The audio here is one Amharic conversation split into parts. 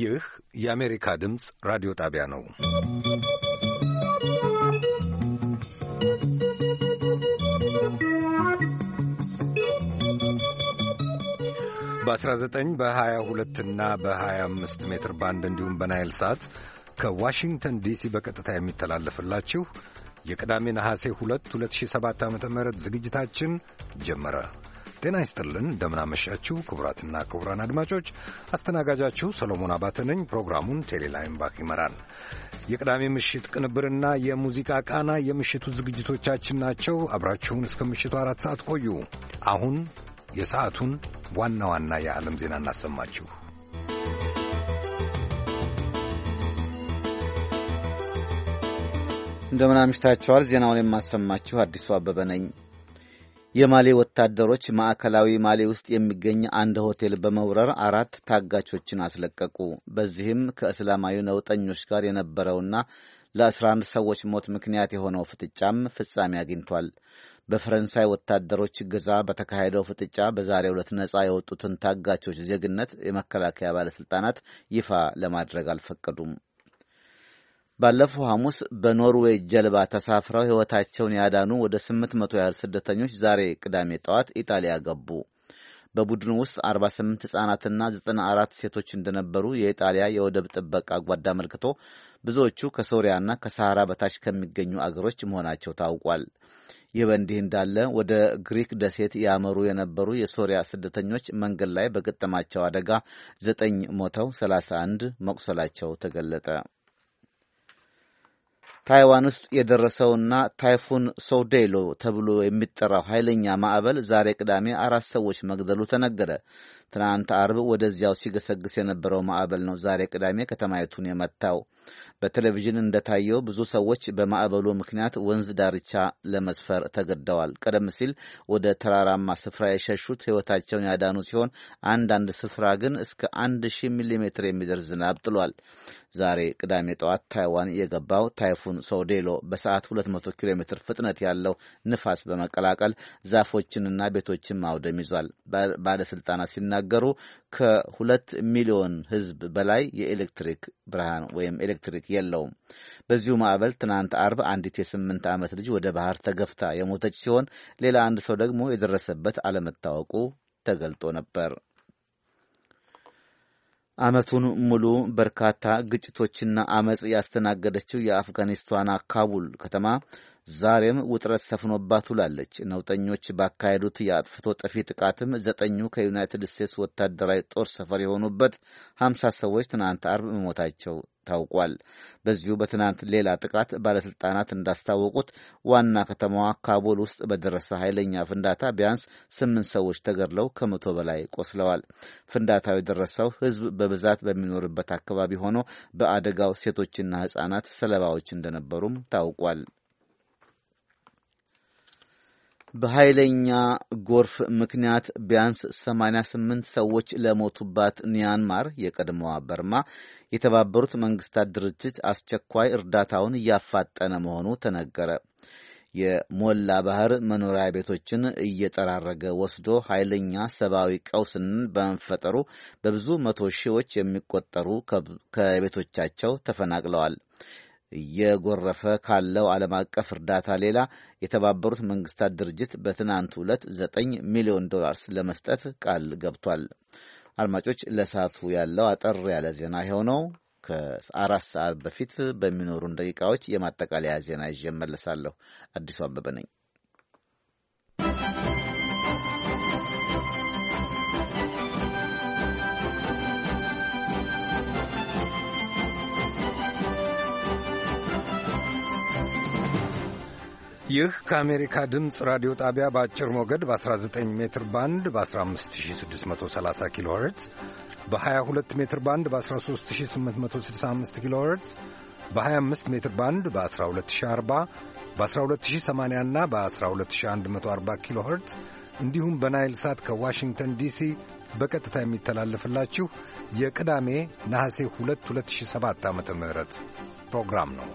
ይህ የአሜሪካ ድምፅ ራዲዮ ጣቢያ ነው። በ19 በ22 እና በ25 ሜትር ባንድ እንዲሁም በናይል ሳት ከዋሽንግተን ዲሲ በቀጥታ የሚተላለፍላችሁ የቅዳሜ ነሐሴ 2 2007 ዓ ም ዝግጅታችን ጀመረ። ጤና ይስጥልን፣ እንደምናመሻችሁ ክቡራትና ክቡራን አድማጮች፣ አስተናጋጃችሁ ሰሎሞን አባተ ነኝ። ፕሮግራሙን ቴሌላይም ባክ ይመራል። የቅዳሜ ምሽት ቅንብርና የሙዚቃ ቃና የምሽቱ ዝግጅቶቻችን ናቸው። አብራችሁን እስከ ምሽቱ አራት ሰዓት ቆዩ። አሁን የሰዓቱን ዋና ዋና የዓለም ዜና እናሰማችሁ። እንደምን አምሽታችኋል። ዜናውን የማሰማችሁ አዲሱ አበበ ነኝ። የማሌ ወታደሮች ማዕከላዊ ማሌ ውስጥ የሚገኝ አንድ ሆቴል በመውረር አራት ታጋቾችን አስለቀቁ። በዚህም ከእስላማዊ ነውጠኞች ጋር የነበረውና ለ11 ሰዎች ሞት ምክንያት የሆነው ፍጥጫም ፍጻሜ አግኝቷል። በፈረንሳይ ወታደሮች እገዛ በተካሄደው ፍጥጫ በዛሬ ዕለት ነፃ የወጡትን ታጋቾች ዜግነት የመከላከያ ባለሥልጣናት ይፋ ለማድረግ አልፈቀዱም። ባለፈው ሐሙስ በኖርዌይ ጀልባ ተሳፍረው ሕይወታቸውን ያዳኑ ወደ 800 ያህል ስደተኞች ዛሬ ቅዳሜ ጠዋት ኢጣሊያ ገቡ። በቡድኑ ውስጥ 48 ሕፃናትና 94 ሴቶች እንደነበሩ የኢጣሊያ የወደብ ጥበቃ ጓድ አመልክቶ ብዙዎቹ ከሶሪያና ከሰሃራ በታች ከሚገኙ አገሮች መሆናቸው ታውቋል። ይህ በእንዲህ እንዳለ ወደ ግሪክ ደሴት ያመሩ የነበሩ የሶሪያ ስደተኞች መንገድ ላይ በገጠማቸው አደጋ ዘጠኝ ሞተው 31 መቁሰላቸው ተገለጠ። ታይዋን ውስጥ የደረሰውና ታይፉን ሶውዴሎ ተብሎ የሚጠራው ኃይለኛ ማዕበል ዛሬ ቅዳሜ አራት ሰዎች መግደሉ ተነገረ። ትናንት አርብ ወደዚያው ሲገሰግስ የነበረው ማዕበል ነው ዛሬ ቅዳሜ ከተማይቱን የመታው። በቴሌቪዥን እንደታየው ብዙ ሰዎች በማዕበሉ ምክንያት ወንዝ ዳርቻ ለመስፈር ተገደዋል። ቀደም ሲል ወደ ተራራማ ስፍራ የሸሹት ሕይወታቸውን ያዳኑ ሲሆን አንዳንድ ስፍራ ግን እስከ አንድ ሺህ ሚሊ ሜትር የሚደርስ ዝናብ ጥሏል። ዛሬ ቅዳሜ ጠዋት ታይዋን የገባው ታይፉን ሶዴሎ በሰዓት 200 ኪሎ ሜትር ፍጥነት ያለው ንፋስ በመቀላቀል ዛፎችንና ቤቶችን ማውደም ይዟል። ባለስልጣናት ሲና ሲናገሩ ከሁለት ሚሊዮን ሕዝብ በላይ የኤሌክትሪክ ብርሃን ወይም ኤሌክትሪክ የለውም። በዚሁ ማዕበል ትናንት አርብ አንዲት የስምንት ዓመት ልጅ ወደ ባህር ተገፍታ የሞተች ሲሆን ሌላ አንድ ሰው ደግሞ የደረሰበት አለመታወቁ ተገልጦ ነበር። ዓመቱን ሙሉ በርካታ ግጭቶችና አመጽ ያስተናገደችው የአፍጋኒስታኗ ካቡል ከተማ ዛሬም ውጥረት ሰፍኖባት ውላለች። ነውጠኞች ባካሄዱት የአጥፍቶ ጠፊ ጥቃትም ዘጠኙ ከዩናይትድ ስቴትስ ወታደራዊ ጦር ሰፈር የሆኑበት ሀምሳ ሰዎች ትናንት አርብ መሞታቸው ታውቋል። በዚሁ በትናንት ሌላ ጥቃት ባለሥልጣናት እንዳስታወቁት ዋና ከተማዋ ካቡል ውስጥ በደረሰ ኃይለኛ ፍንዳታ ቢያንስ ስምንት ሰዎች ተገድለው ከመቶ በላይ ቆስለዋል። ፍንዳታው የደረሰው ሕዝብ በብዛት በሚኖርበት አካባቢ ሆኖ በአደጋው ሴቶችና ሕፃናት ሰለባዎች እንደነበሩም ታውቋል። በኃይለኛ ጎርፍ ምክንያት ቢያንስ 88 ሰዎች ለሞቱባት ሚያንማር የቀድሞዋ በርማ የተባበሩት መንግስታት ድርጅት አስቸኳይ እርዳታውን እያፋጠነ መሆኑ ተነገረ። የሞላ ባህር መኖሪያ ቤቶችን እየጠራረገ ወስዶ ኃይለኛ ሰብአዊ ቀውስን በመፈጠሩ በብዙ መቶ ሺዎች የሚቆጠሩ ከቤቶቻቸው ተፈናቅለዋል። እየጎረፈ ካለው ዓለም አቀፍ እርዳታ ሌላ የተባበሩት መንግስታት ድርጅት በትናንቱ ዕለት ዘጠኝ ሚሊዮን ዶላርስ ለመስጠት ቃል ገብቷል። አድማጮች ለሰዓቱ ያለው አጠር ያለ ዜና የሆነው ከአራት ሰዓት በፊት በሚኖሩን ደቂቃዎች የማጠቃለያ ዜና ይዤ እመለሳለሁ። አዲሱ አበበ ነኝ። ይህ ከአሜሪካ ድምፅ ራዲዮ ጣቢያ በአጭር ሞገድ በ19 ሜትር ባንድ በ15630 ኪሎ ሄርትዝ በ22 ሜትር ባንድ በ13865 ኪሎ በ25 ሜትር ባንድ በ 1240 በ12080 እና በ12140 ኪሎ እንዲሁም በናይል ሳት ከዋሽንግተን ዲሲ በቀጥታ የሚተላለፍላችሁ የቅዳሜ ነሐሴ 2 2007 ዓ ም ፕሮግራም ነው።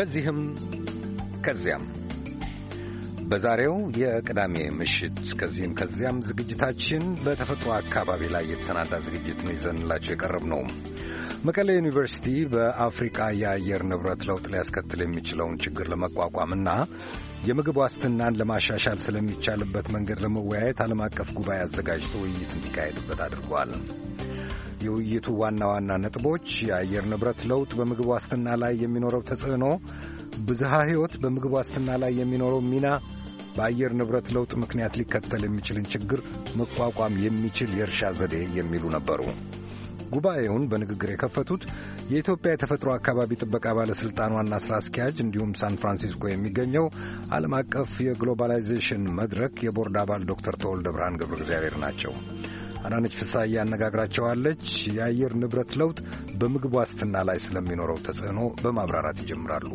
ከዚህም ከዚያም በዛሬው የቅዳሜ ምሽት ከዚህም ከዚያም ዝግጅታችን በተፈጥሮ አካባቢ ላይ የተሰናዳ ዝግጅት ነው ይዘንላቸው የቀረብ ነው። መቀሌ ዩኒቨርሲቲ በአፍሪቃ የአየር ንብረት ለውጥ ሊያስከትል የሚችለውን ችግር ለመቋቋምና የምግብ ዋስትናን ለማሻሻል ስለሚቻልበት መንገድ ለመወያየት ዓለም አቀፍ ጉባኤ አዘጋጅቶ ውይይት እንዲካሄድበት አድርጓል። የውይይቱ ዋና ዋና ነጥቦች የአየር ንብረት ለውጥ በምግብ ዋስትና ላይ የሚኖረው ተጽዕኖ፣ ብዝሃ ሕይወት በምግብ ዋስትና ላይ የሚኖረው ሚና፣ በአየር ንብረት ለውጥ ምክንያት ሊከተል የሚችልን ችግር መቋቋም የሚችል የእርሻ ዘዴ የሚሉ ነበሩ። ጉባኤውን በንግግር የከፈቱት የኢትዮጵያ የተፈጥሮ አካባቢ ጥበቃ ባለሥልጣን ዋና ሥራ አስኪያጅ እንዲሁም ሳን ፍራንሲስኮ የሚገኘው ዓለም አቀፍ የግሎባላይዜሽን መድረክ የቦርድ አባል ዶክተር ተወልደ ብርሃን ገብረ እግዚአብሔር ናቸው። አዳነች ፍሳ እያነጋግራቸዋለች። የአየር ንብረት ለውጥ በምግብ ዋስትና ላይ ስለሚኖረው ተጽዕኖ በማብራራት ይጀምራሉ።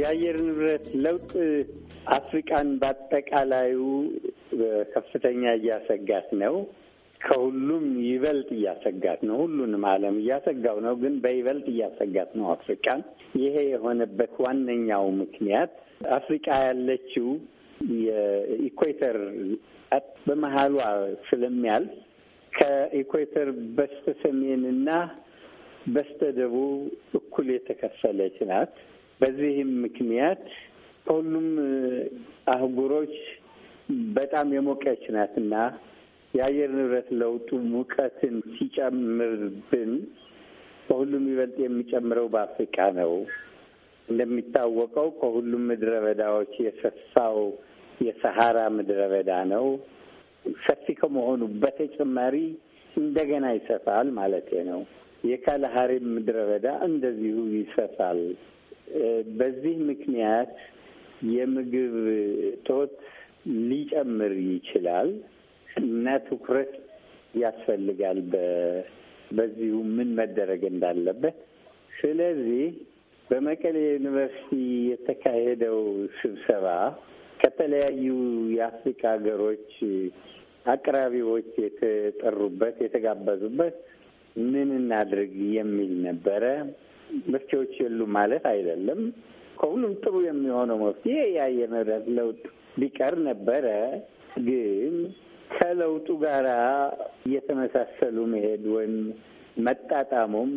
የአየር ንብረት ለውጥ አፍሪቃን በአጠቃላዩ ከፍተኛ እያሰጋት ነው። ከሁሉም ይበልጥ እያሰጋት ነው። ሁሉንም ዓለም እያሰጋው ነው፣ ግን በይበልጥ እያሰጋት ነው አፍሪቃን። ይሄ የሆነበት ዋነኛው ምክንያት አፍሪቃ ያለችው የኢኩዌተር በመሀሏ ስለሚያልፍ ከኢኩዌተር በስተ ሰሜንና በስተ ደቡብ እኩል የተከፈለች ናት። በዚህም ምክንያት ከሁሉም አህጉሮች በጣም የሞቀች ናትና የአየር ንብረት ለውጡ ሙቀትን ሲጨምርብን ከሁሉም ይበልጥ የሚጨምረው በአፍሪካ ነው። እንደሚታወቀው ከሁሉም ምድረ በዳዎች የሰፋው የሰሃራ ምድረ በዳ ነው። ሰፊ ከመሆኑ በተጨማሪ እንደገና ይሰፋል ማለት ነው። የካላሃሪ ምድረ በዳ እንደዚሁ ይሰፋል። በዚህ ምክንያት የምግብ እጦት ሊጨምር ይችላል። እና ትኩረት ያስፈልጋል በዚሁ ምን መደረግ እንዳለበት። ስለዚህ በመቀሌ ዩኒቨርሲቲ የተካሄደው ስብሰባ ከተለያዩ የአፍሪካ ሀገሮች አቅራቢዎች የተጠሩበት የተጋበዙበት ምን እናድርግ የሚል ነበረ። መፍትሄዎች የሉ ማለት አይደለም። ከሁሉም ጥሩ የሚሆነው መፍትሄ ያ ለውጥ ቢቀር ነበረ። ግን ከለውጡ ጋር እየተመሳሰሉ መሄድ ወይም መጣጣሙም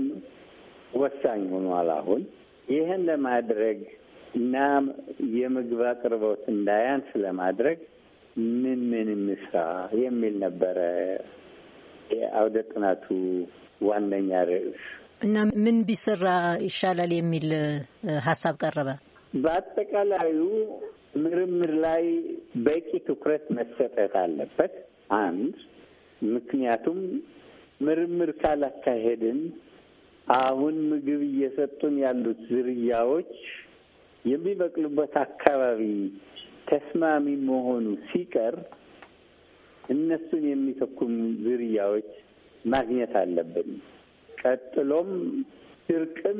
ወሳኝ ሆኗል። አሁን ይህን ለማድረግ እና የምግብ አቅርቦት እንዳያንስ ለማድረግ ምን ምን ምስራ የሚል ነበረ የአውደ ጥናቱ ዋነኛ ርዕስ እና ምን ቢሰራ ይሻላል የሚል ሀሳብ ቀረበ። በአጠቃላዩ ምርምር ላይ በቂ ትኩረት መሰጠት አለበት። አንድ ምክንያቱም ምርምር ካላካሄድን አሁን ምግብ እየሰጡን ያሉት ዝርያዎች የሚበቅሉበት አካባቢ ተስማሚ መሆኑ ሲቀር እነሱን የሚተኩም ዝርያዎች ማግኘት አለብን። ቀጥሎም ድርቅም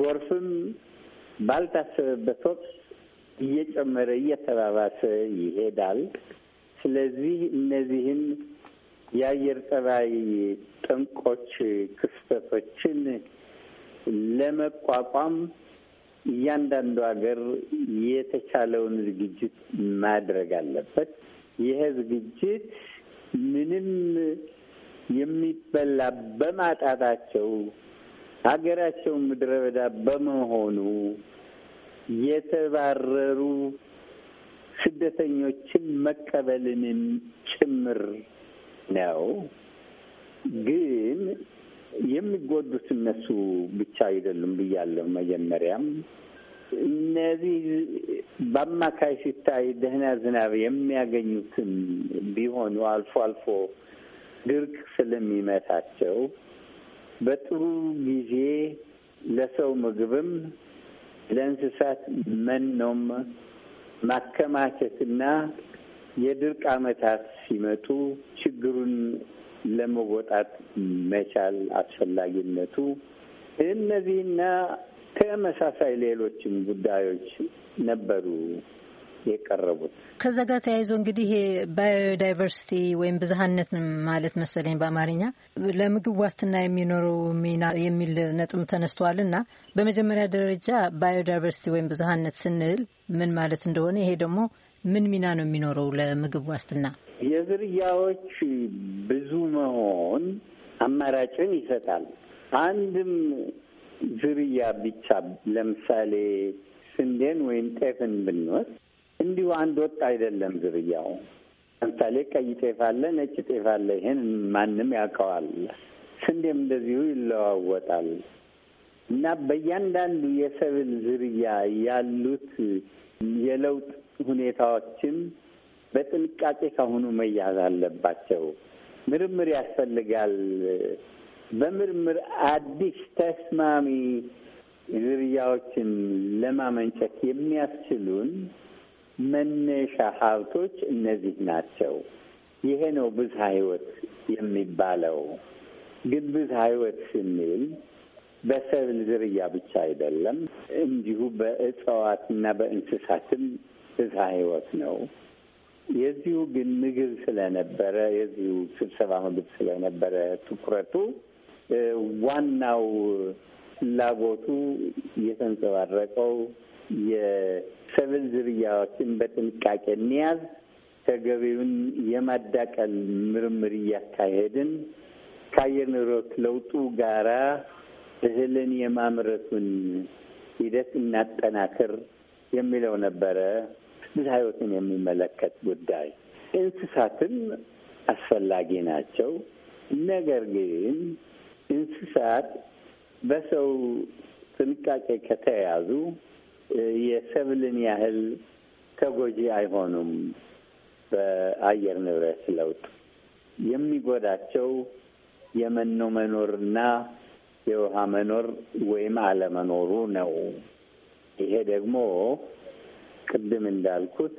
ጎርፍም ባልታሰበበት ወቅት እየጨመረ እየተባባሰ ይሄዳል። ስለዚህ እነዚህን የአየር ጠባይ ጠንቆች ክስተቶችን ለመቋቋም እያንዳንዱ ሀገር የተቻለውን ዝግጅት ማድረግ አለበት። ይሄ ዝግጅት ምንም የሚበላ በማጣታቸው ሀገራቸው ምድረ በዳ በመሆኑ የተባረሩ ስደተኞችን መቀበልንም ጭምር ነው። ግን የሚጎዱት እነሱ ብቻ አይደሉም ብያለሁ። መጀመሪያም እነዚህ በአማካይ ሲታይ ደህና ዝናብ የሚያገኙትም ቢሆኑ አልፎ አልፎ ድርቅ ስለሚመታቸው በጥሩ ጊዜ ለሰው ምግብም ለእንስሳት መኖም ማከማቸትና የድርቅ ዓመታት ሲመጡ ችግሩን ለመወጣት መቻል አስፈላጊነቱ እነዚህና ተመሳሳይ ሌሎችም ጉዳዮች ነበሩ የቀረቡት። ከዛ ጋር ተያይዞ እንግዲህ ባዮዳይቨርሲቲ ወይም ብዝሀነት ማለት መሰለኝ በአማርኛ ለምግብ ዋስትና የሚኖረው ሚና የሚል ነጥብ ተነስተዋል እና በመጀመሪያ ደረጃ ባዮዳይቨርሲቲ ወይም ብዝሀነት ስንል ምን ማለት እንደሆነ ይሄ ደግሞ ምን ሚና ነው የሚኖረው ለምግብ ዋስትና? የዝርያዎች ብዙ መሆን አማራጭን ይሰጣል። አንድም ዝርያ ብቻ ለምሳሌ ስንዴን ወይም ጤፍን ብንወስድ እንዲሁ አንድ ወጥ አይደለም ዝርያው። ለምሳሌ ቀይ ጤፍ አለ፣ ነጭ ጤፍ አለ። ይሄን ማንም ያውቀዋል። ስንዴም እንደዚሁ ይለዋወጣል እና በእያንዳንዱ የሰብል ዝርያ ያሉት የለውጥ ሁኔታዎችም በጥንቃቄ ካሁኑ መያዝ አለባቸው። ምርምር ያስፈልጋል። በምርምር አዲስ ተስማሚ ዝርያዎችን ለማመንጨት የሚያስችሉን መነሻ ሀብቶች እነዚህ ናቸው። ይሄ ነው ብዝሃ ህይወት የሚባለው። ግን ብዝሃ ህይወት ስንል በሰብል ዝርያ ብቻ አይደለም። እንዲሁ በእጽዋትና በእንስሳትም ብዝሃ ህይወት ነው። የዚሁ ግን ምግብ ስለነበረ የዚሁ ስብሰባ ምግብ ስለነበረ ትኩረቱ ዋናው ፍላጎቱ የተንጸባረቀው የሰብል ዝርያዎችን በጥንቃቄ እንያዝ፣ ተገቢውን የማዳቀል ምርምር እያካሄድን ከአየር ንብረት ለውጡ ጋራ እህልን የማምረቱን ሂደት እናጠናክር የሚለው ነበረ። ብዝሃ ሕይወትን የሚመለከት ጉዳይ እንስሳትም አስፈላጊ ናቸው። ነገር ግን እንስሳት በሰው ጥንቃቄ ከተያዙ የሰብልን ያህል ተጎጂ አይሆኑም። በአየር ንብረት ለውጥ የሚጎዳቸው የመኖ መኖርና የውሃ መኖር ወይም አለመኖሩ ነው። ይሄ ደግሞ ቅድም እንዳልኩት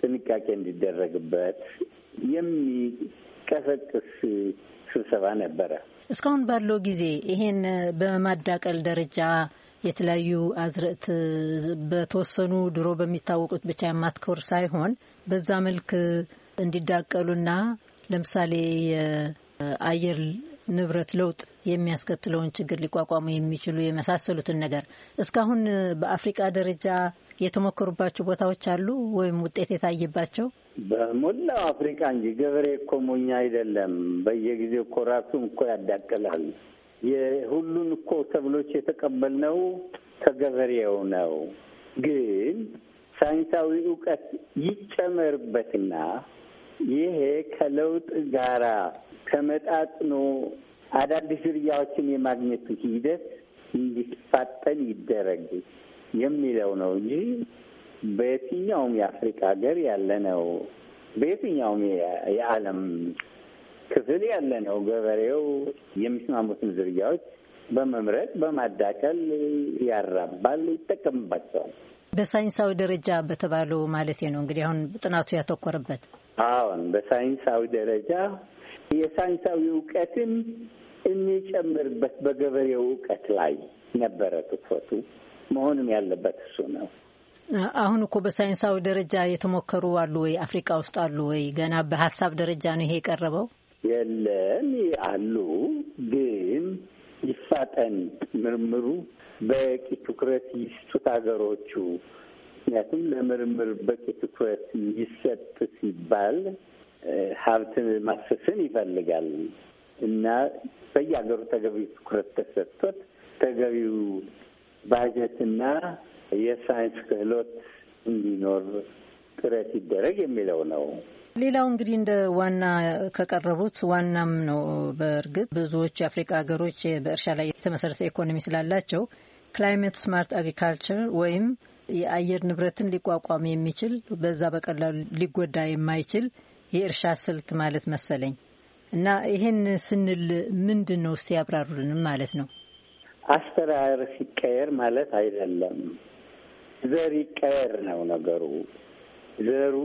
ጥንቃቄ እንዲደረግበት የሚቀሰቅስ ስብሰባ ነበረ። እስካሁን ባለው ጊዜ ይሄን በማዳቀል ደረጃ የተለያዩ አዝርዕት በተወሰኑ ድሮ በሚታወቁት ብቻ የማትኮር ሳይሆን በዛ መልክ እንዲዳቀሉና ለምሳሌ የአየር ንብረት ለውጥ የሚያስከትለውን ችግር ሊቋቋሙ የሚችሉ የመሳሰሉትን ነገር እስካሁን በአፍሪቃ ደረጃ የተሞከሩባቸው ቦታዎች አሉ ወይም ውጤት የታየባቸው? በሞላው አፍሪቃ እንጂ ገበሬ እኮ ሞኛ አይደለም። በየጊዜው እኮ ራሱን እኮ ያዳቅላል። የሁሉን እኮ ተብሎች የተቀበልነው ከገበሬው ነው። ግን ሳይንሳዊ እውቀት ይጨመርበትና ይሄ ከለውጥ ጋራ ከመጣጥኖ አዳዲስ ዝርያዎችን የማግኘቱ ሂደት እንዲፋጠን ይደረግ የሚለው ነው እንጂ በየትኛውም የአፍሪካ ሀገር ያለ ነው። በየትኛውም የዓለም ክፍል ያለ ነው። ገበሬው የሚስማሙትን ዝርያዎች በመምረጥ በማዳቀል ያራባል፣ ይጠቀምባቸዋል። በሳይንሳዊ ደረጃ በተባሉ ማለት ነው እንግዲህ አሁን ጥናቱ ያተኮረበት። አሁን በሳይንሳዊ ደረጃ የሳይንሳዊ እውቀትን የሚጨምርበት በገበሬው እውቀት ላይ ነበረ ትኩረቱ። መሆንም ያለበት እሱ ነው። አሁን እኮ በሳይንሳዊ ደረጃ የተሞከሩ አሉ ወይ? አፍሪካ ውስጥ አሉ ወይ? ገና በሀሳብ ደረጃ ነው ይሄ የቀረበው? የለም አሉ። ግን ይፋጠን ምርምሩ በቂ ትኩረት ይስጡት ሀገሮቹ። ምክንያቱም ለምርምር በቂ ትኩረት ይሰጥ ሲባል ሀብትን ማሰስን ይፈልጋል እና በየሀገሩ ተገቢው ትኩረት ተሰጥቶት ተገቢው ባጀትና የሳይንስ ክህሎት እንዲኖር ጥረት ይደረግ የሚለው ነው። ሌላው እንግዲህ እንደ ዋና ከቀረቡት ዋናም ነው። በእርግጥ ብዙዎች የአፍሪካ ሀገሮች በእርሻ ላይ የተመሰረተ ኢኮኖሚ ስላላቸው ክላይሜት ስማርት አግሪካልቸር ወይም የአየር ንብረትን ሊቋቋም የሚችል በዛ በቀላሉ ሊጎዳ የማይችል የእርሻ ስልት ማለት መሰለኝ እና ይሄን ስንል ምንድን ነው እስቲ ያብራሩልንም ማለት ነው። አስተራር ሲቀየር ማለት አይደለም፣ ዘር ይቀየር ነው ነገሩ። ዘሩ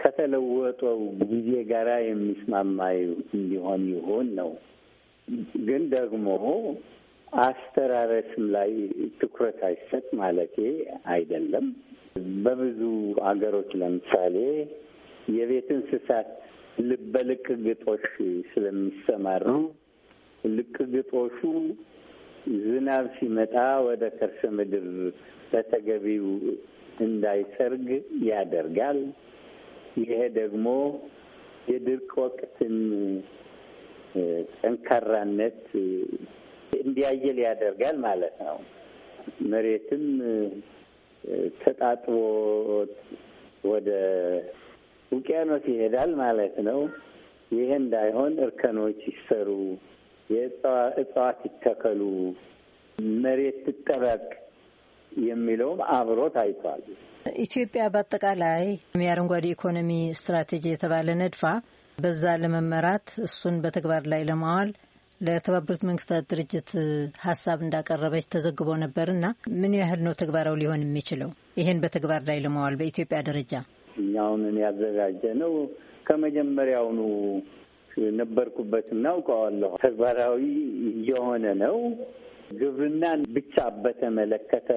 ከተለወጠው ጊዜ ጋራ የሚስማማ እንዲሆን ይሆን ነው። ግን ደግሞ አስተራረስም ላይ ትኩረት አይሰጥ ማለቴ አይደለም። በብዙ አገሮች ለምሳሌ የቤት እንስሳት ልበልቅ ግጦሽ ስለሚሰማሩ ልቅ ግጦሹ ዝናብ ሲመጣ ወደ ከርሰ ምድር በተገቢው እንዳይሰርግ ያደርጋል። ይሄ ደግሞ የድርቅ ወቅትን ጠንካራነት እንዲያየል ያደርጋል ማለት ነው። መሬትም ተጣጥቦ ወደ ውቅያኖስ ይሄዳል ማለት ነው። ይሄ እንዳይሆን እርከኖች ይሰሩ፣ የእጽዋት ይተከሉ፣ መሬት ትጠበቅ የሚለውም አብሮ ታይቷል። ኢትዮጵያ በአጠቃላይ የአረንጓዴ ኢኮኖሚ ስትራቴጂ የተባለ ነድፋ በዛ ለመመራት እሱን በተግባር ላይ ለማዋል ለተባበሩት መንግስታት ድርጅት ሀሳብ እንዳቀረበች ተዘግቦ ነበር እና ምን ያህል ነው ተግባራዊ ሊሆን የሚችለው? ይህን በተግባር ላይ ለማዋል በኢትዮጵያ ደረጃ እኛውንን ያዘጋጀ ነው። ከመጀመሪያውኑ ነበርኩበት እናውቀዋለሁ። ተግባራዊ እየሆነ ነው። ግብርናን ብቻ በተመለከተ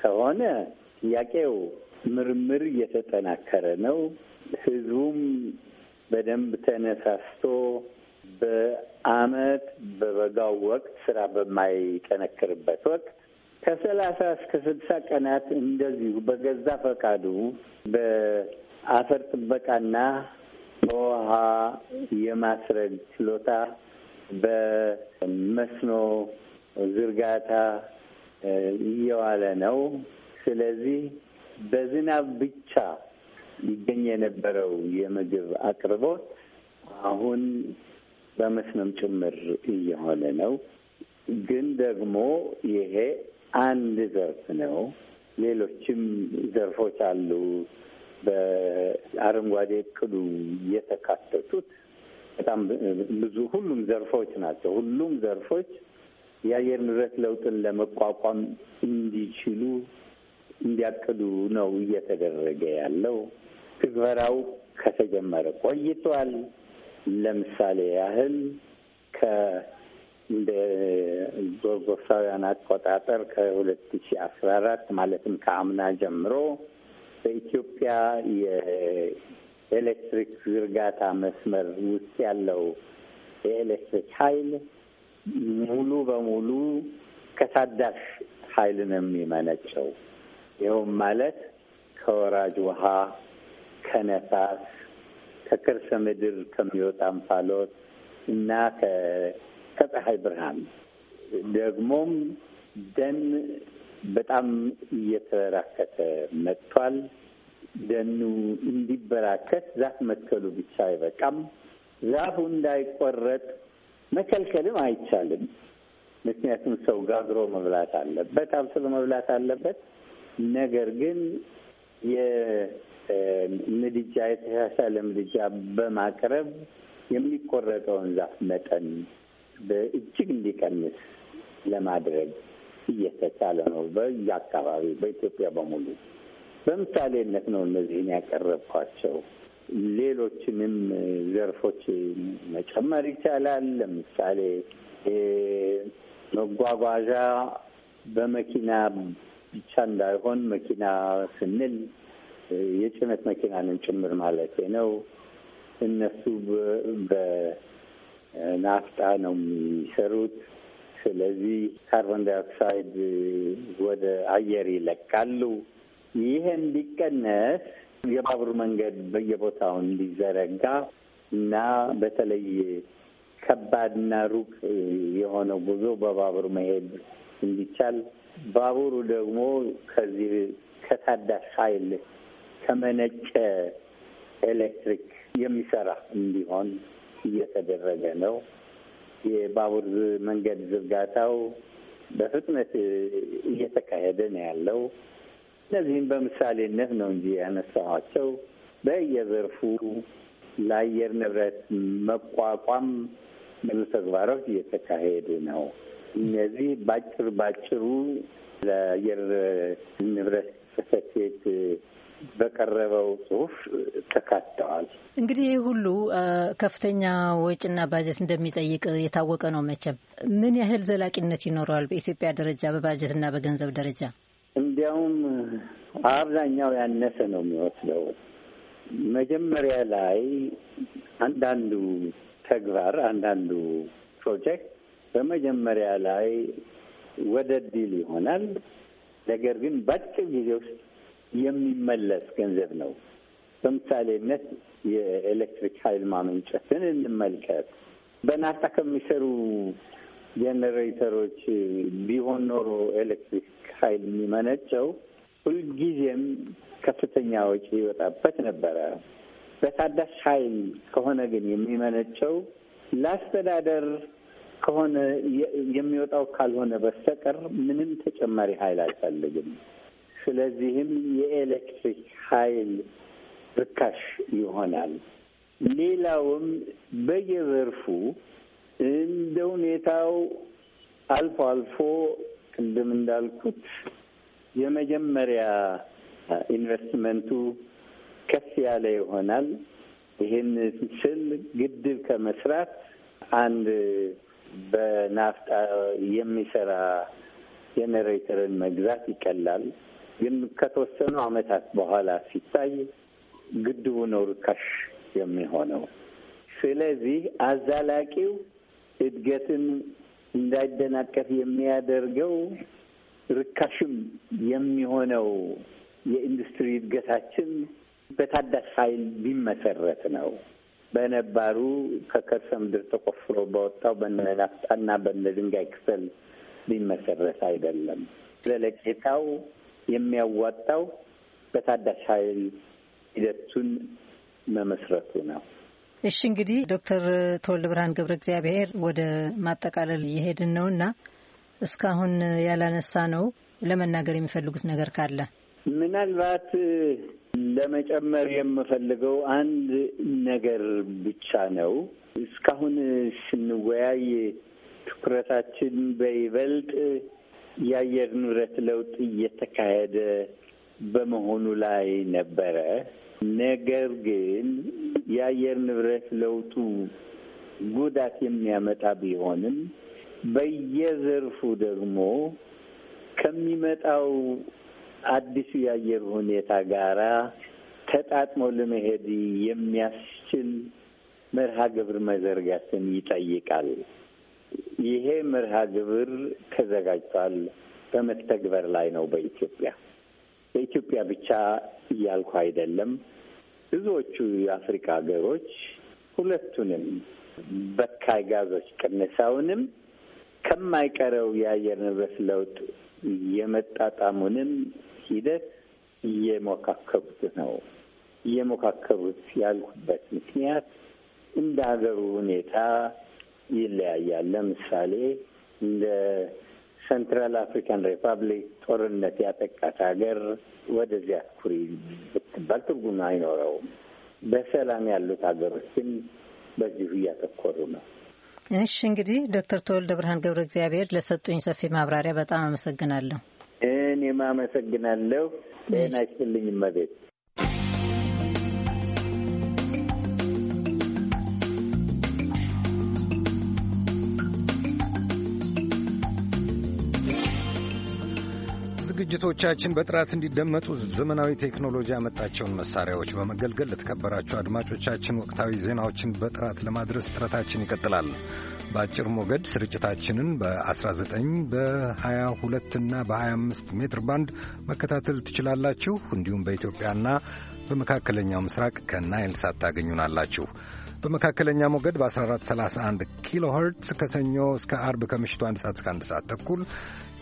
ከሆነ ጥያቄው ምርምር እየተጠናከረ ነው። ህዝቡም በደንብ ተነሳስቶ በአመት በበጋው ወቅት ስራ በማይጠነክርበት ወቅት ከሰላሳ እስከ ስልሳ ቀናት እንደዚሁ በገዛ ፈቃዱ በአፈር ጥበቃና በውሃ የማስረግ ችሎታ በመስኖ ዝርጋታ እየዋለ ነው። ስለዚህ በዝናብ ብቻ ይገኝ የነበረው የምግብ አቅርቦት አሁን በመስኖም ጭምር እየሆነ ነው። ግን ደግሞ ይሄ አንድ ዘርፍ ነው። ሌሎችም ዘርፎች አሉ። በአረንጓዴ እቅዱ የተካተቱት በጣም ብዙ ሁሉም ዘርፎች ናቸው። ሁሉም ዘርፎች የአየር ንብረት ለውጥን ለመቋቋም እንዲችሉ እንዲያቅዱ ነው እየተደረገ ያለው። ትግበራው ከተጀመረ ቆይቷል። ለምሳሌ ያህል ከ እንደ ጎርጎሳውያን አቆጣጠር ከሁለት ሺ አስራ አራት ማለትም ከአምና ጀምሮ በኢትዮጵያ የኤሌክትሪክ ዝርጋታ መስመር ውስጥ ያለው የኤሌክትሪክ ኃይል ሙሉ በሙሉ ከታዳሽ ኃይል ነው የሚመነጨው። ይኸውም ማለት ከወራጅ ውሃ፣ ከነፋስ፣ ከከርሰ ምድር ከሚወጣ እንፋሎት እና ከፀሐይ ብርሃን ደግሞም ደን በጣም እየተበራከተ መጥቷል። ደኑ እንዲበራከት ዛፍ መትከሉ ብቻ አይበቃም። ዛፉ እንዳይቆረጥ መከልከልም አይቻልም። ምክንያቱም ሰው ጋግሮ መብላት አለበት፣ አብስሎ መብላት አለበት። ነገር ግን የምድጃ የተሻሻለ ምድጃ በማቅረብ የሚቆረጠውን ዛፍ መጠን በእጅግ እንዲቀንስ ለማድረግ እየተቻለ ነው። በየአካባቢው በኢትዮጵያ በሙሉ በምሳሌነት ነው እነዚህን ያቀረብኳቸው። ሌሎችንም ዘርፎች መጨመር ይቻላል። ለምሳሌ መጓጓዣ በመኪና ብቻ እንዳይሆን መኪና ስንል የጭነት መኪናንም ጭምር ማለት ነው። እነሱ በናፍጣ ነው የሚሰሩት። ስለዚህ ካርቦን ዳይኦክሳይድ ወደ አየር ይለቃሉ። ይህን እንዲቀነስ የባቡር መንገድ በየቦታው እንዲዘረጋ እና በተለይ ከባድና ሩቅ የሆነው ጉዞ በባቡር መሄድ እንዲቻል፣ ባቡሩ ደግሞ ከዚህ ከታዳሽ ኃይል ከመነጨ ኤሌክትሪክ የሚሰራ እንዲሆን እየተደረገ ነው። የባቡር መንገድ ዝርጋታው በፍጥነት እየተካሄደ ነው ያለው። እነዚህም በምሳሌነት ነው እንጂ ያነሳኋቸው በየዘርፉ ለአየር ንብረት መቋቋም ብዙ ተግባሮች እየተካሄዱ ነው። እነዚህ ባጭር ባጭሩ ለአየር ንብረት ጽሕፈት ቤት በቀረበው ጽሁፍ ተካተዋል። እንግዲህ ይህ ሁሉ ከፍተኛ ወጪና ባጀት እንደሚጠይቅ የታወቀ ነው። መቼም ምን ያህል ዘላቂነት ይኖረዋል በኢትዮጵያ ደረጃ በባጀትና በገንዘብ ደረጃ? እንዲያውም አብዛኛው ያነሰ ነው የሚወስደው። መጀመሪያ ላይ አንዳንዱ ተግባር አንዳንዱ ፕሮጀክት በመጀመሪያ ላይ ወደ ዲል ይሆናል። ነገር ግን በአጭር ጊዜ ውስጥ የሚመለስ ገንዘብ ነው። በምሳሌነት የኤሌክትሪክ ኃይል ማመንጨትን እንመልከት። በናሳ ከሚሰሩ ጄኔሬተሮች ቢሆን ኖሮ ኤሌክትሪክ ኃይል የሚመነጨው ሁልጊዜም ከፍተኛ ወጪ ይወጣበት ነበረ። በታዳሽ ኃይል ከሆነ ግን የሚመነጨው ለአስተዳደር ከሆነ የሚወጣው ካልሆነ በስተቀር ምንም ተጨማሪ ኃይል አይፈልግም። ስለዚህም የኤሌክትሪክ ኃይል ርካሽ ይሆናል። ሌላውም በየዘርፉ እንደ ሁኔታው አልፎ አልፎ ቅድም እንዳልኩት የመጀመሪያ ኢንቨስትመንቱ ከፍ ያለ ይሆናል። ይህን ስል ግድብ ከመስራት አንድ በናፍጣ የሚሰራ ጄኔሬተርን መግዛት ይቀላል። ግን ከተወሰኑ ዓመታት በኋላ ሲታይ ግድቡ ነው ርካሽ የሚሆነው። ስለዚህ አዛላቂው እድገትን እንዳይደናቀፍ የሚያደርገው ርካሽም የሚሆነው የኢንዱስትሪ እድገታችን በታዳሽ ኃይል ቢመሰረት ነው። በነባሩ ከከርሰ ምድር ተቆፍሮ በወጣው በነ ናፍጣና በነ ድንጋይ ክፍል ሊመሰረት አይደለም። ዘለቄታው የሚያዋጣው በታዳሽ ኃይል ሂደቱን መመስረቱ ነው። እሺ እንግዲህ ዶክተር ተወልደ ብርሃን ገብረ እግዚአብሔር ወደ ማጠቃለል እየሄድን እና እስካሁን ያላነሳ ነው ለመናገር የሚፈልጉት ነገር ካለ ምናልባት ለመጨመር የምፈልገው አንድ ነገር ብቻ ነው። እስካሁን ስንወያይ ትኩረታችን በይበልጥ የአየር ንብረት ለውጥ እየተካሄደ በመሆኑ ላይ ነበረ። ነገር ግን የአየር ንብረት ለውጡ ጉዳት የሚያመጣ ቢሆንም በየዘርፉ ደግሞ ከሚመጣው አዲሱ የአየር ሁኔታ ጋራ ተጣጥሞ ለመሄድ የሚያስችል መርሃ ግብር መዘርጋትን ይጠይቃል። ይሄ መርሃ ግብር ተዘጋጅቷል፣ በመተግበር ላይ ነው በኢትዮጵያ። በኢትዮጵያ ብቻ እያልኩ አይደለም። ብዙዎቹ የአፍሪካ ሀገሮች ሁለቱንም በካይ ጋዞች ቅነሳውንም ከማይቀረው የአየር ንብረት ለውጥ የመጣጣሙንም ሂደት እየሞካከሩት ነው። እየሞካከሩት ያልኩበት ምክንያት እንደ ሀገሩ ሁኔታ ይለያያል። ለምሳሌ እንደ ሰንትራል አፍሪካን ሪፐብሊክ ጦርነት ያጠቃት ሀገር ወደዚያ ኩሪ ብትባል ትርጉም አይኖረውም። በሰላም ያሉት ሀገሮችን በዚሁ እያተኮሩ ነው። እሺ እንግዲህ ዶክተር ተወልደ ብርሃን ገብረ እግዚአብሔር ለሰጡኝ ሰፊ ማብራሪያ በጣም አመሰግናለሁ። እኔም አመሰግናለሁ። ጤና ይስጥልኝ እመቤት። ዝግጅቶቻችን በጥራት እንዲደመጡ ዘመናዊ ቴክኖሎጂ ያመጣቸውን መሳሪያዎች በመገልገል ለተከበራችሁ አድማጮቻችን ወቅታዊ ዜናዎችን በጥራት ለማድረስ ጥረታችን ይቀጥላል። በአጭር ሞገድ ስርጭታችንን በ19 በ22 እና በ25 ሜትር ባንድ መከታተል ትችላላችሁ። እንዲሁም በኢትዮጵያና በመካከለኛው ምስራቅ ከናይል ሳት ታገኙናላችሁ። በመካከለኛ ሞገድ በ1431 ኪሎ ኸርትዝ ከሰኞ እስከ አርብ ከምሽቱ አንድ ሰዓት እስከ አንድ ሰዓት ተኩል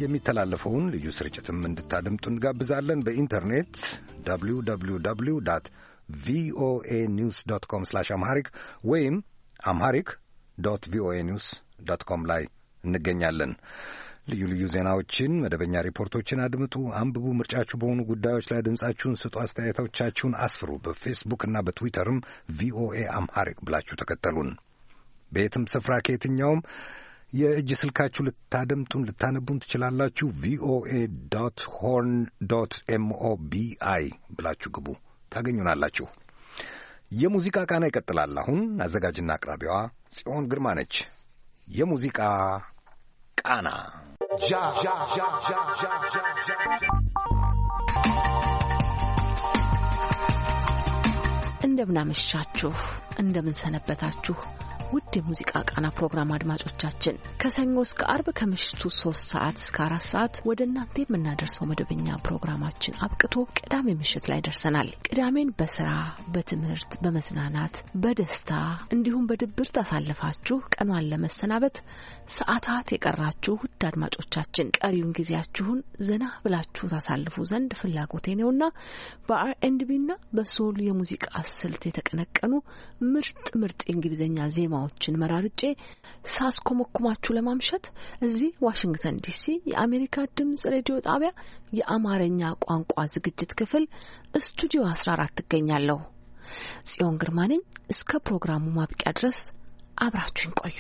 የሚተላለፈውን ልዩ ስርጭትም እንድታደምጡ እንጋብዛለን። በኢንተርኔት www ቪኦኤ ኒውስ ዶት ኮም ስላሽ አምሃሪክ ወይም አምሃሪክ ዶት ቪኦኤ ኒውስ ዶት ኮም ላይ እንገኛለን። ልዩ ልዩ ዜናዎችን፣ መደበኛ ሪፖርቶችን አድምጡ፣ አንብቡ። ምርጫችሁ በሆኑ ጉዳዮች ላይ ድምጻችሁን ስጡ፣ አስተያየቶቻችሁን አስፍሩ። በፌስቡክና በትዊተርም ቪኦኤ አምሃሪክ ብላችሁ ተከተሉን። በየትም ስፍራ ከየትኛውም የእጅ ስልካችሁ ልታደምጡን ልታነቡን ትችላላችሁ። ቪኦኤ ዶት ሆርን ዶት ኤምኦቢአይ ብላችሁ ግቡ፣ ታገኙናላችሁ። የሙዚቃ ቃና ይቀጥላል። አሁን አዘጋጅና አቅራቢዋ ጽዮን ግርማ ነች። የሙዚቃ ቃና Ya, ya, ya, ya, ya, ya, ya. እንደምናመሻችሁ እንደምንሰነበታችሁ ውድ የሙዚቃ ቃና ፕሮግራም አድማጮቻችን ከሰኞ እስከ አርብ ከምሽቱ ሶስት ሰዓት እስከ አራት ሰዓት ወደ እናንተ የምናደርሰው መደበኛ ፕሮግራማችን አብቅቶ ቅዳሜ ምሽት ላይ ደርሰናል። ቅዳሜን በስራ በትምህርት፣ በመዝናናት፣ በደስታ እንዲሁም በድብር ታሳልፋችሁ ቀኗን ለመሰናበት ሰዓታት የቀራችሁ ውድ አድማጮቻችን ቀሪውን ጊዜያችሁን ዘና ብላችሁ ታሳልፉ ዘንድ ፍላጎቴ ነውና በአርኤንድቢና በሶል የሙዚቃ ስልት የተቀነቀኑ ምርጥ ምርጥ የእንግሊዝኛ ዜማ ዜማዎችን መራርጬ ሳስኮመኩማችሁ ለማምሸት እዚህ ዋሽንግተን ዲሲ የአሜሪካ ድምጽ ሬዲዮ ጣቢያ የአማርኛ ቋንቋ ዝግጅት ክፍል ስቱዲዮ 14 ትገኛለሁ። ጽዮን ግርማ ነኝ። እስከ ፕሮግራሙ ማብቂያ ድረስ አብራችሁን ቆዩ።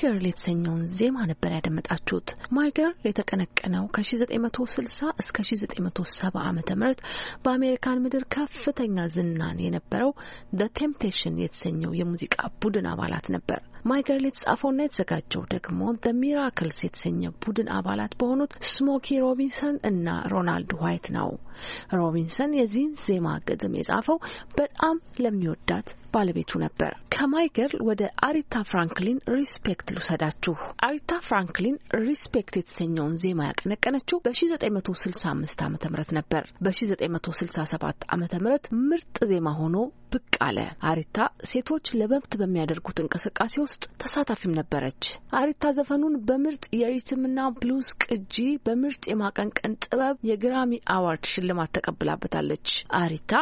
ማይገርል የተሰኘውን ዜማ ነበር ያደመጣችሁት። ማይገርል የተቀነቀነው ከ1960 እስከ 1970 ዓ ም በአሜሪካን ምድር ከፍተኛ ዝናን የነበረው ዘ ቴምፕቴሽን የተሰኘው የሙዚቃ ቡድን አባላት ነበር። ማይገርል የተጻፈውና የተዘጋጀው ደግሞ ዘ ሚራክልስ የተሰኘ ቡድን አባላት በሆኑት ስሞኪ ሮቢንሰን እና ሮናልድ ዋይት ነው። ሮቢንሰን የዚህን ዜማ ግጥም የጻፈው በጣም ለሚወዳት ባለቤቱ ነበር። ከማይገርል ወደ አሪታ ፍራንክሊን ሪስፔክት ልውሰዳችሁ። አሪታ ፍራንክሊን ሪስፔክት የተሰኘውን ዜማ ያቀነቀነችው በ1965 ዓ ም ነበር። በ1967 ዓ ም ምርጥ ዜማ ሆኖ ብቅ አለ። አሪታ ሴቶች ለመብት በሚያደርጉት እንቅስቃሴ ውስጥ ተሳታፊም ነበረች። አሪታ ዘፈኑን በምርጥ የሪትምና ብሉዝ ቅጂ፣ በምርጥ የማቀንቀን ጥበብ የግራሚ አዋርድ ሽልማት ተቀብላበታለች። አሪታ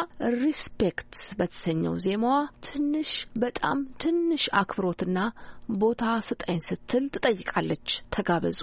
ሪስፔክት በተሰኘው ዜማዋ ትንሽ በጣም ትንሽ አክብሮትና ቦታ ስጠኝ ስትል ትጠይቃለች። ተጋበዙ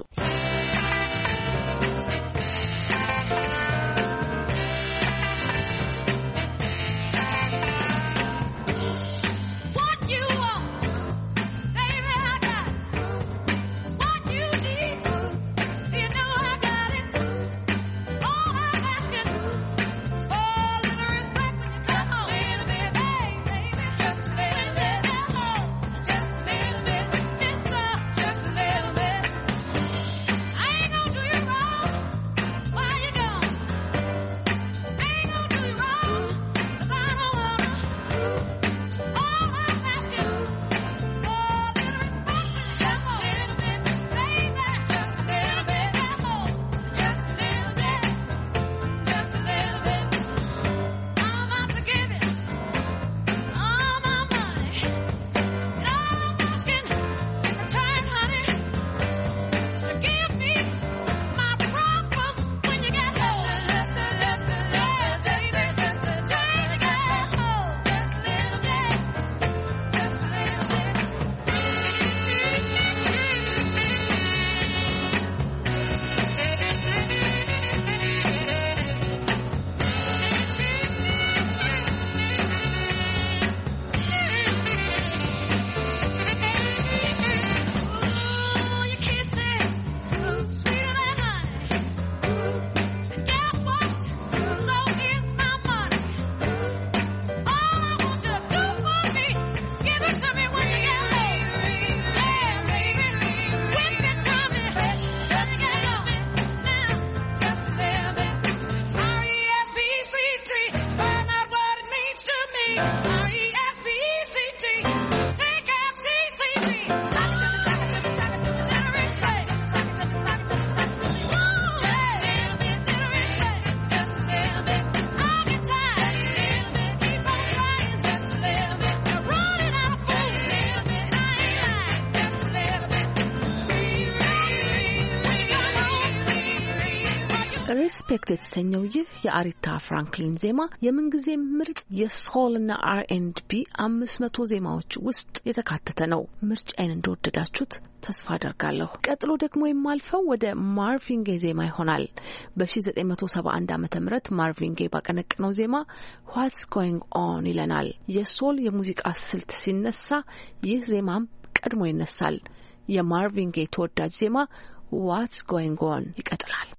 ሪስክ የተሰኘው ይህ የአሪታ ፍራንክሊን ዜማ የምንጊዜ ምርጥ ና አርኤንድቢ አምስት መቶ ዜማዎች ውስጥ የተካተተ ነው። ምርጫዬን እንደወደዳችሁት ተስፋ አደርጋለሁ። ቀጥሎ ደግሞ የማልፈው ወደ ማርቪን ጌ ዜማ ይሆናል። በ1971 ዓ ም ማርቪን ጌ ባቀነቀነው ዜማ ዋትስ ጎይንግ ኦን ይለናል። የሶል የሙዚቃ ስልት ሲነሳ ይህ ዜማም ቀድሞ ይነሳል። የማርቪን ጌ ተወዳጅ ዜማ ዋትስ ጎይንግ ኦን ይቀጥላል።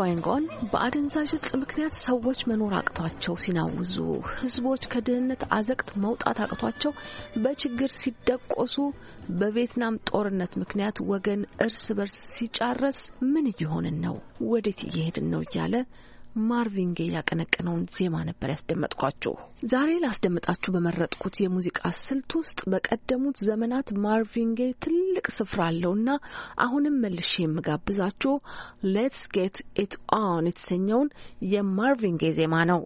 ጎይንጎን በአደንዛዥ እጽ ምክንያት ሰዎች መኖር አቅቷቸው ሲናውዙ፣ ህዝቦች ከድህነት አዘቅት መውጣት አቅቷቸው በችግር ሲደቆሱ፣ በቪየትናም ጦርነት ምክንያት ወገን እርስ በርስ ሲጫረስ ምን እየሆንን ነው? ወዴት እየሄድን ነው? እያለ ማርቪን ጌይ ያቀነቀነውን ዜማ ነበር ያስደመጥኳችሁ። ዛሬ ላስደምጣችሁ በመረጥኩት የሙዚቃ ስልት ውስጥ በቀደሙት ዘመናት ማርቪን ጌይ ትልቅ ስፍራ አለው እና አሁንም መልሼ የምጋብዛችሁ ሌትስ ጌት ኢት ኦን የተሰኘውን የማርቪን ጌይ ዜማ ነው።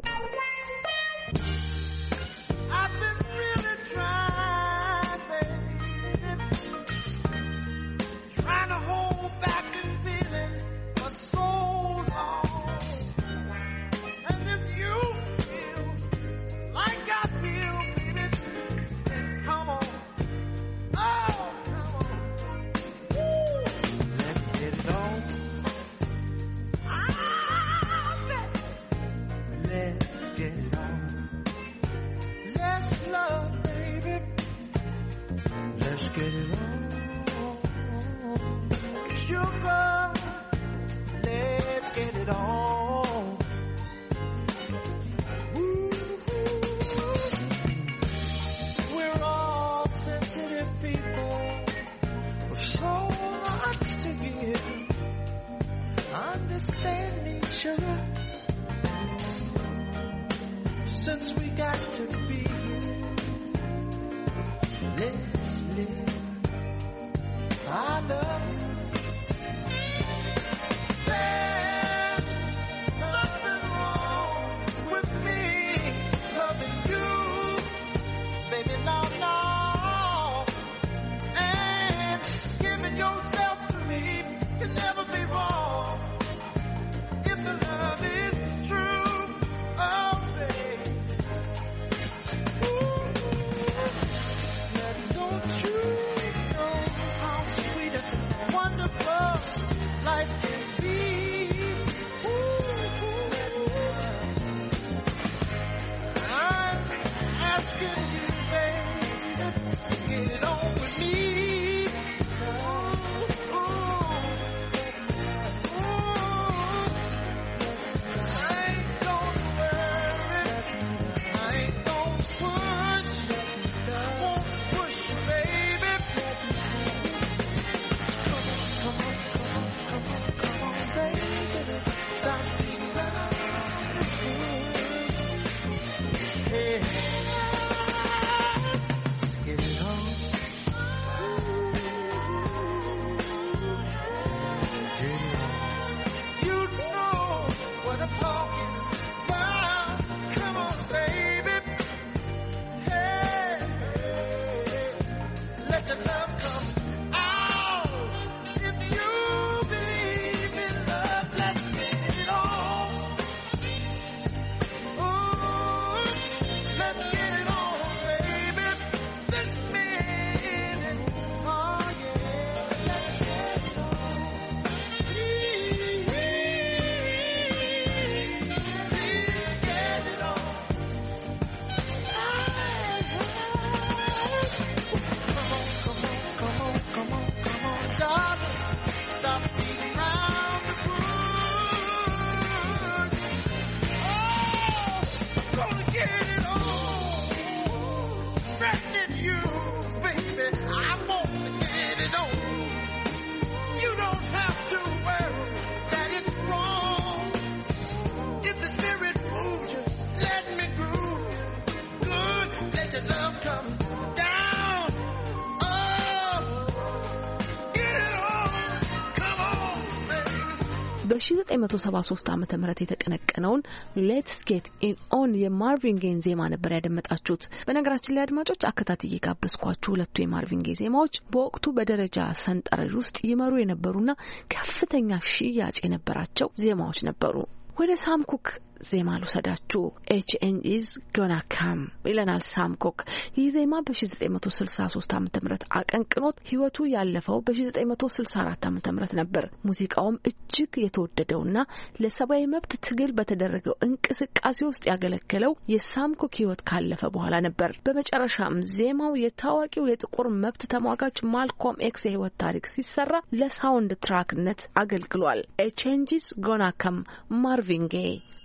it all. we're all sensitive people with so much to give. Understand each other since we got to 1973 ዓ ም የተቀነቀነውን ሌትስ ጌት ኢን ኦን የማርቪን ጌን ዜማ ነበር ያደመጣችሁት። በነገራችን ላይ አድማጮች አከታት እየጋበዝኳችሁ ሁለቱ የማርቪን ጌ ዜማዎች በወቅቱ በደረጃ ሰንጠረዥ ውስጥ ይመሩ የነበሩና ከፍተኛ ሽያጭ የነበራቸው ዜማዎች ነበሩ። ወደ ሳምኩክ ዜማ ልውሰዳችሁ ኤች ኤን ኢዝ ጎና ካም ይለናል ሳምኮክ። ይህ ዜማ በ1963 ዓ ም አቀንቅኖት ህይወቱ ያለፈው በ1964 ዓ ም ነበር። ሙዚቃውም እጅግ የተወደደውና ለሰብአዊ መብት ትግል በተደረገው እንቅስቃሴ ውስጥ ያገለገለው የሳምኮክ ህይወት ካለፈ በኋላ ነበር። በመጨረሻም ዜማው የታዋቂው የጥቁር መብት ተሟጋች ማልኮም ኤክስ የህይወት ታሪክ ሲሰራ ለሳውንድ ትራክነት አገልግሏል። ኤ ቼንጅስ ጎና ካም ማርቪን ጌይ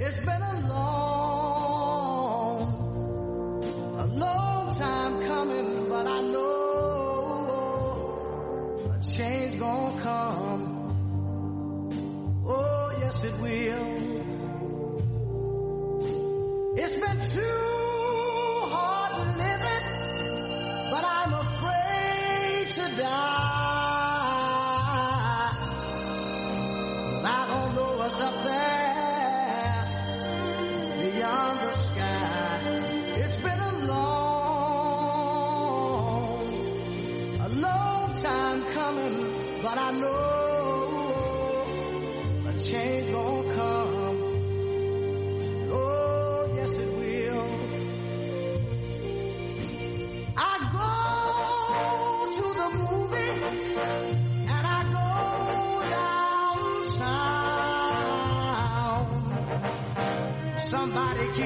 It's been a long, a long time coming, but I know a change gonna come. Oh, yes, it will. It's been too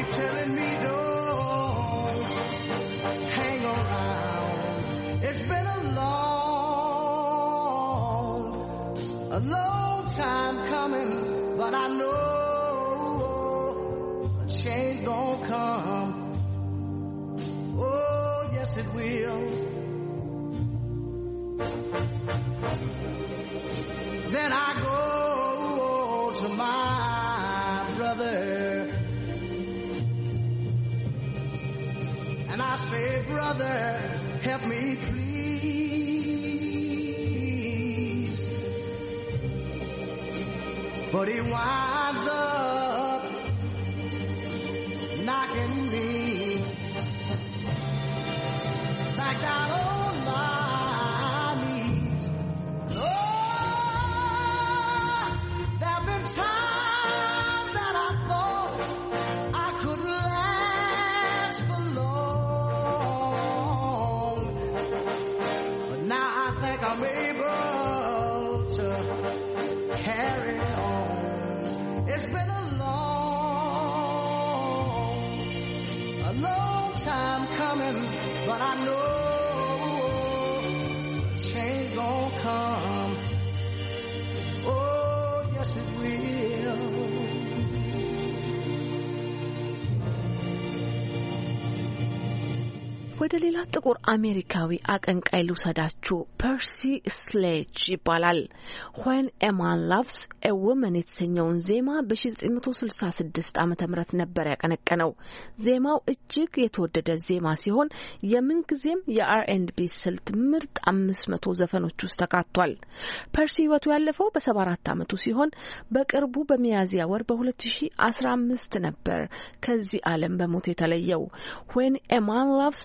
telling me don't hang around. It's been a long, a long time coming, but I know a change gonna come. Oh, yes it will. say, brother, help me please. But he whined. ወደ ሌላ ጥቁር አሜሪካዊ አቀንቃይ ልውሰዳችሁ። ፐርሲ ስሌጅ ይባላል። 2ን ኤማን ላቭስ ኤውመን የተሰኘውን ዜማ በ1966 ዓ ም ነበር ያቀነቀነው። ዜማው እጅግ የተወደደ ዜማ ሲሆን የምንጊዜም የአርኤንቢ ስልት ምርጥ መቶ ዘፈኖች ውስጥ ተካቷል። ፐርሲ ህይወቱ ያለፈው በ74 ዓመቱ ሲሆን በቅርቡ በሚያዝያ ወር በ2015 ነበር ከዚህ ዓለም በሞት የተለየው ዌን ኤማን ላቭስ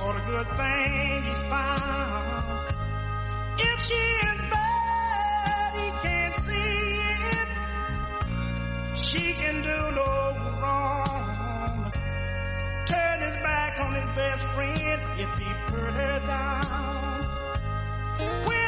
for a good thing he's found. If she is bad, he can't see it. She can do no wrong. Turn his back on his best friend if he put her down. When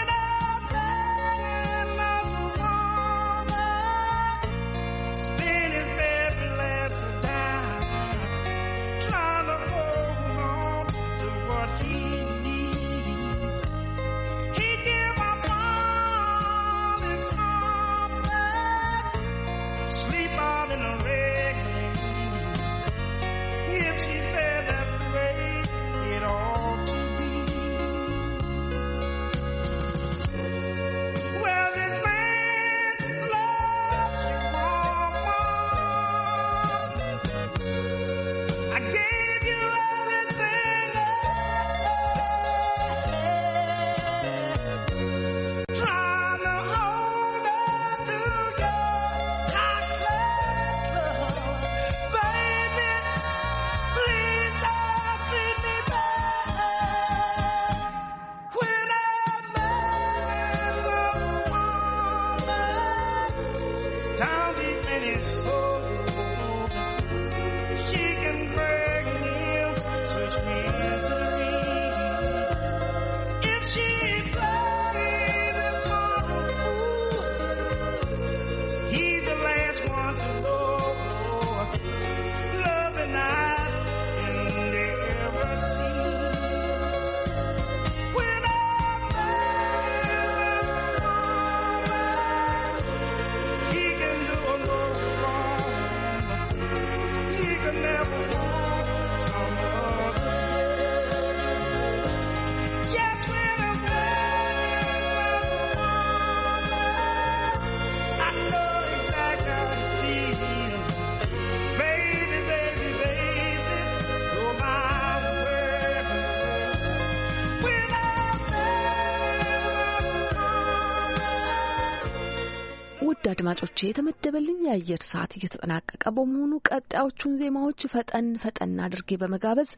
አድማጮቼ የተመደበልኝ የአየር ሰዓት እየተጠናቀቀ በመሆኑ ቀጣዮቹን ዜማዎች ፈጠን ፈጠን አድርጌ በመጋበዝ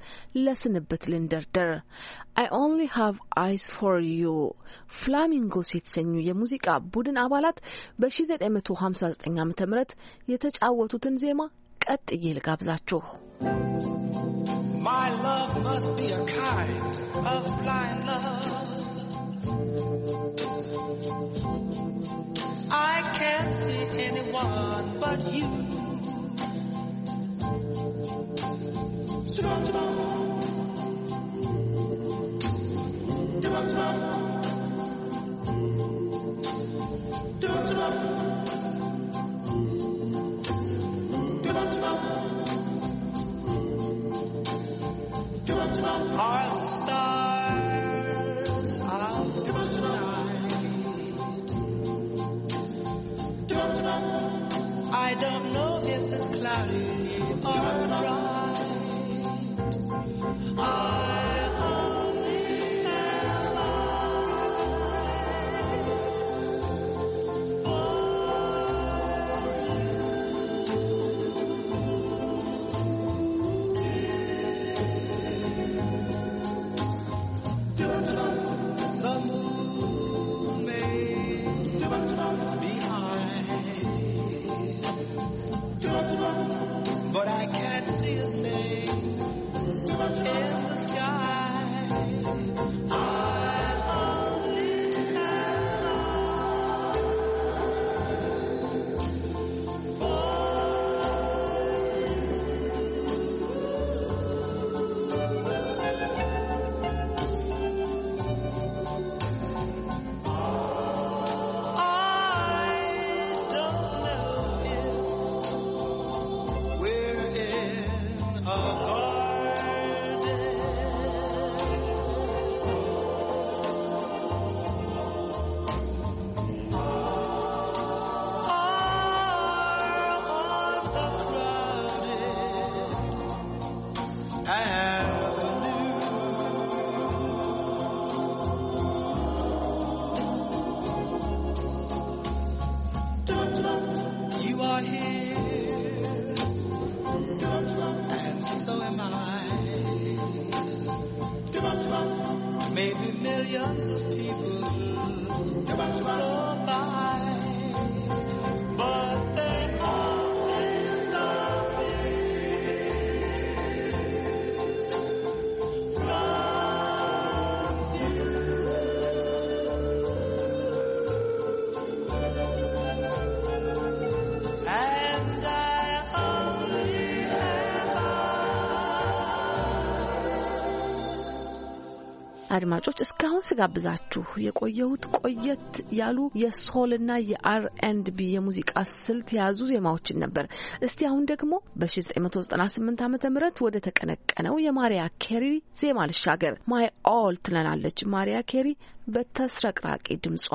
ለስንብት ልንደርደር። አይ ኦንሊ ሃቭ አይስ ፎር ዩ ፍላሚንጎስ የተሰኙ የሙዚቃ ቡድን አባላት በ1959 ዓ ም የተጫወቱትን ዜማ ቀጥዬ ልጋብዛችሁ። My love must be a kind of blind love. see anyone but you. Tomorrow, tomorrow. I don't know if it's cloudy or bright. I አድማጮች እስካሁን ስጋብዛችሁ የቆየሁት ቆየት ያሉ የሶልና የአር ኤንድ ቢ የሙዚቃ ስልት የያዙ ዜማዎችን ነበር። እስቲ አሁን ደግሞ በ1998 ዓ ም ወደ ተቀነቀነው የማሪያ ኬሪ ዜማ ልሻገር። ማይ ኦል ትለናለች ማሪያ ኬሪ በተስረቅራቂ ድምጿ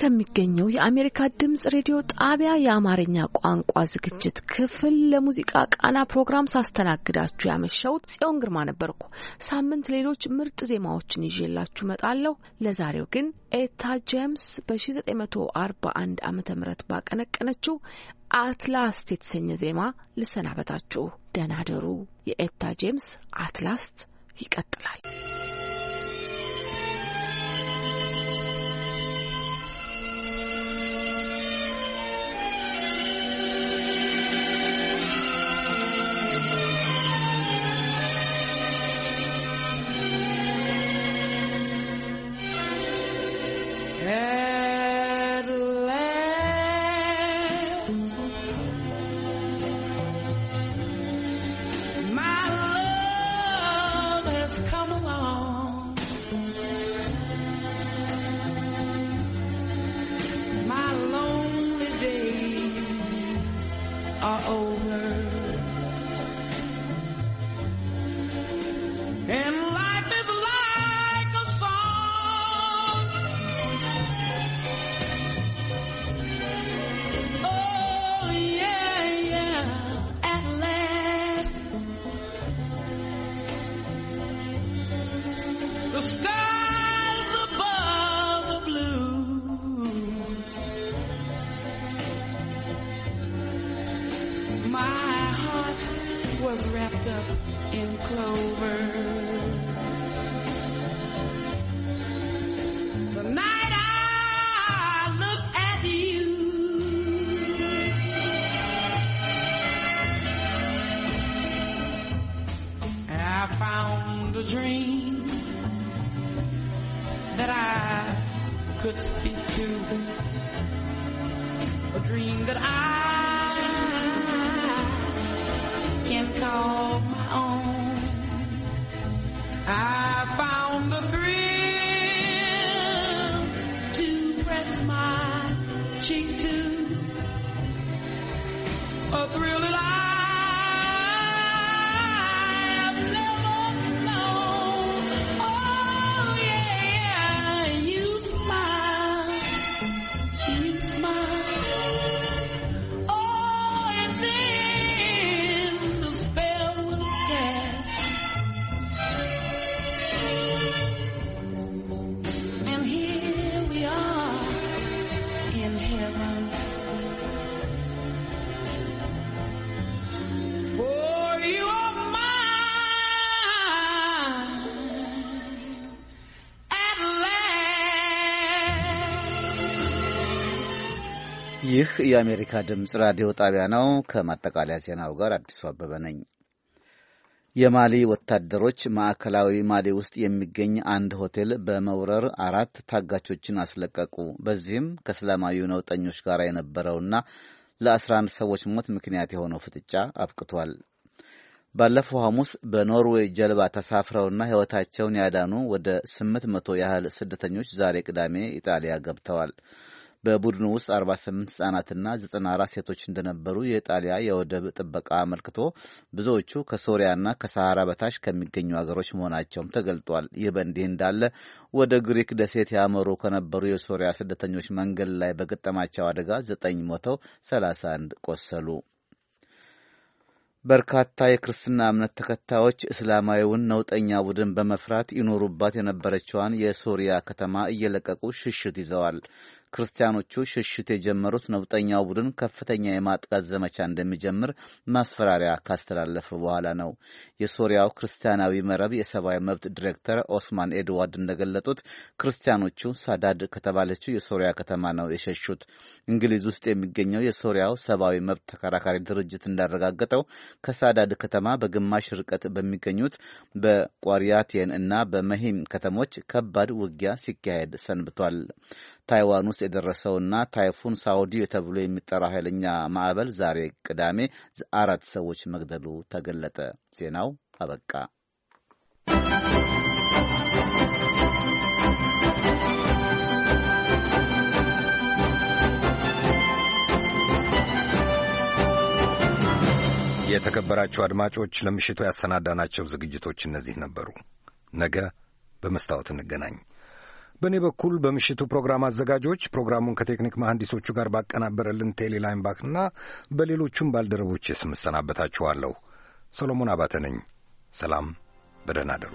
ከሚገኘው የአሜሪካ ድምጽ ሬዲዮ ጣቢያ የአማርኛ ቋንቋ ዝግጅት ክፍል ለሙዚቃ ቃና ፕሮግራም ሳስተናግዳችሁ ያመሸሁት ጽዮን ግርማ ነበርኩ። ሳምንት ሌሎች ምርጥ ዜማዎችን ይዤላችሁ መጣለሁ። ለዛሬው ግን ኤታ ጄምስ በ1941 ዓ ም ባቀነቀነችው አትላስት የተሰኘ ዜማ ልሰናበታችሁ። ደናደሩ የኤታ ጄምስ አትላስት ይቀጥላል። ይህ የአሜሪካ ድምፅ ራዲዮ ጣቢያ ነው። ከማጠቃለያ ዜናው ጋር አዲሱ አበበ ነኝ። የማሊ ወታደሮች ማዕከላዊ ማሊ ውስጥ የሚገኝ አንድ ሆቴል በመውረር አራት ታጋቾችን አስለቀቁ። በዚህም ከእስላማዊ ነውጠኞች ጋር የነበረውና ለ11 ሰዎች ሞት ምክንያት የሆነው ፍጥጫ አብቅቷል። ባለፈው ሐሙስ በኖርዌይ ጀልባ ተሳፍረውና ሕይወታቸውን ያዳኑ ወደ ስምንት መቶ ያህል ስደተኞች ዛሬ ቅዳሜ ኢጣሊያ ገብተዋል። በቡድኑ ውስጥ 48 ህጻናትና 94 ሴቶች እንደነበሩ የጣሊያ የወደብ ጥበቃ አመልክቶ ብዙዎቹ ከሶሪያና ከሰሃራ በታች ከሚገኙ አገሮች መሆናቸውም ተገልጧል። ይህ በእንዲህ እንዳለ ወደ ግሪክ ደሴት ያመሩ ከነበሩ የሶሪያ ስደተኞች መንገድ ላይ በገጠማቸው አደጋ 9 ሞተው 31 ቆሰሉ። በርካታ የክርስትና እምነት ተከታዮች እስላማዊውን ነውጠኛ ቡድን በመፍራት ይኖሩባት የነበረችዋን የሶሪያ ከተማ እየለቀቁ ሽሽት ይዘዋል። ክርስቲያኖቹ ሽሽት የጀመሩት ነውጠኛው ቡድን ከፍተኛ የማጥቃት ዘመቻ እንደሚጀምር ማስፈራሪያ ካስተላለፈ በኋላ ነው። የሶሪያው ክርስቲያናዊ መረብ የሰብአዊ መብት ዲሬክተር ኦስማን ኤድዋርድ እንደገለጡት ክርስቲያኖቹ ሳዳድ ከተባለችው የሶሪያ ከተማ ነው የሸሹት። እንግሊዝ ውስጥ የሚገኘው የሶሪያው ሰብአዊ መብት ተከራካሪ ድርጅት እንዳረጋገጠው ከሳዳድ ከተማ በግማሽ ርቀት በሚገኙት በቋሪያቴን እና በመሂም ከተሞች ከባድ ውጊያ ሲካሄድ ሰንብቷል። ታይዋን ውስጥ የደረሰውና ታይፉን ሳውዲ ተብሎ የሚጠራው ኃይለኛ ማዕበል ዛሬ ቅዳሜ አራት ሰዎች መግደሉ ተገለጠ። ዜናው አበቃ። የተከበራቸው አድማጮች ለምሽቱ ያሰናዳናቸው ዝግጅቶች እነዚህ ነበሩ። ነገ በመስታወት እንገናኝ። በእኔ በኩል በምሽቱ ፕሮግራም አዘጋጆች ፕሮግራሙን ከቴክኒክ መሐንዲሶቹ ጋር ባቀናበረልን ቴሌ ላይምባክና በሌሎቹም ባልደረቦች ስም እሰናበታችኋለሁ። ሰሎሞን አባተ ነኝ። ሰላም፣ በደህና አደሩ።